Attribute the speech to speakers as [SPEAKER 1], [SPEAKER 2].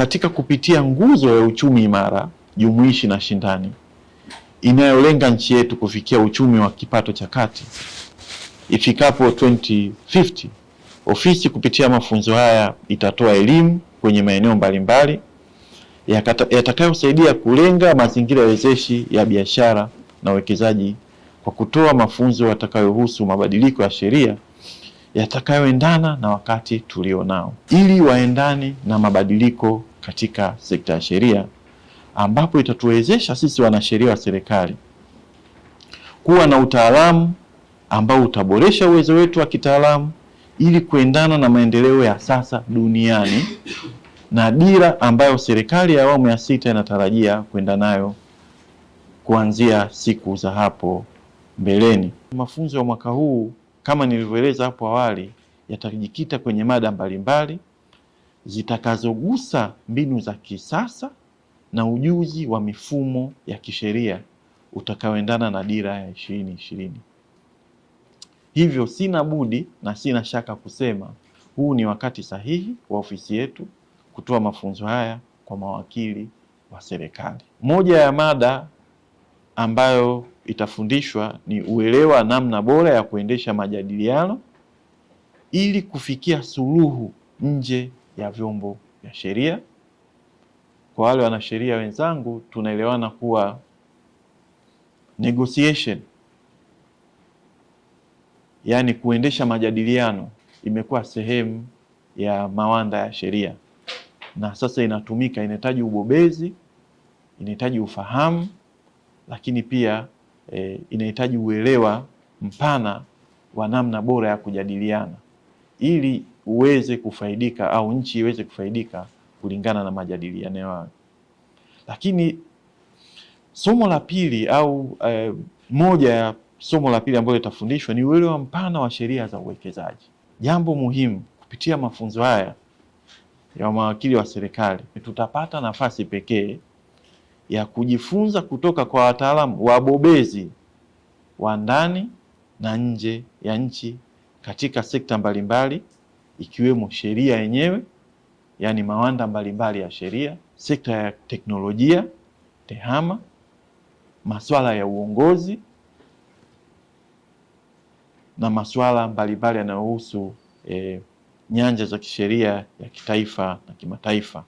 [SPEAKER 1] katika kupitia nguzo ya uchumi imara, jumuishi na shindani inayolenga nchi yetu kufikia uchumi wa kipato cha kati ifikapo 2050. Ofisi kupitia mafunzo haya itatoa elimu kwenye maeneo mbalimbali yatakayosaidia kulenga mazingira wezeshi ya biashara na uwekezaji kwa kutoa mafunzo yatakayohusu mabadiliko ya sheria yatakayoendana na wakati tulionao ili waendane na mabadiliko katika sekta ya sheria, ambapo itatuwezesha sisi wanasheria wa serikali kuwa na utaalamu ambao utaboresha uwezo wetu wa kitaalamu ili kuendana na maendeleo ya sasa duniani na dira ambayo serikali ya awamu ya sita inatarajia kwenda nayo kuanzia siku za hapo mbeleni. Mafunzo ya mwaka huu kama nilivyoeleza hapo awali yatajikita kwenye mada mbalimbali mbali zitakazogusa mbinu za kisasa na ujuzi wa mifumo ya kisheria utakaoendana na dira ya ishirini ishirini. Hivyo sina budi na sina shaka kusema huu ni wakati sahihi wa ofisi yetu kutoa mafunzo haya kwa mawakili wa serikali. Moja ya mada ambayo itafundishwa ni uelewa namna bora ya kuendesha majadiliano ili kufikia suluhu nje ya vyombo vya sheria. Kwa wale wanasheria wenzangu, tunaelewana kuwa negotiation, yaani kuendesha majadiliano, imekuwa sehemu ya mawanda ya sheria na sasa inatumika. Inahitaji ubobezi, inahitaji ufahamu, lakini pia e, inahitaji uelewa mpana wa namna bora ya kujadiliana ili uweze kufaidika au nchi iweze kufaidika kulingana na majadiliano yao. Lakini somo la pili au eh, moja ya somo la pili ambalo litafundishwa ni uelewa mpana wa sheria za uwekezaji. Jambo muhimu kupitia mafunzo haya ya mawakili wa serikali, tutapata nafasi pekee ya kujifunza kutoka kwa wataalamu wabobezi wa ndani na nje ya nchi katika sekta mbalimbali ikiwemo sheria yenyewe, yaani mawanda mbalimbali ya sheria, sekta ya teknolojia TEHAMA, masuala ya uongozi na masuala mbalimbali yanayohusu e, nyanja za kisheria ya kitaifa na kimataifa.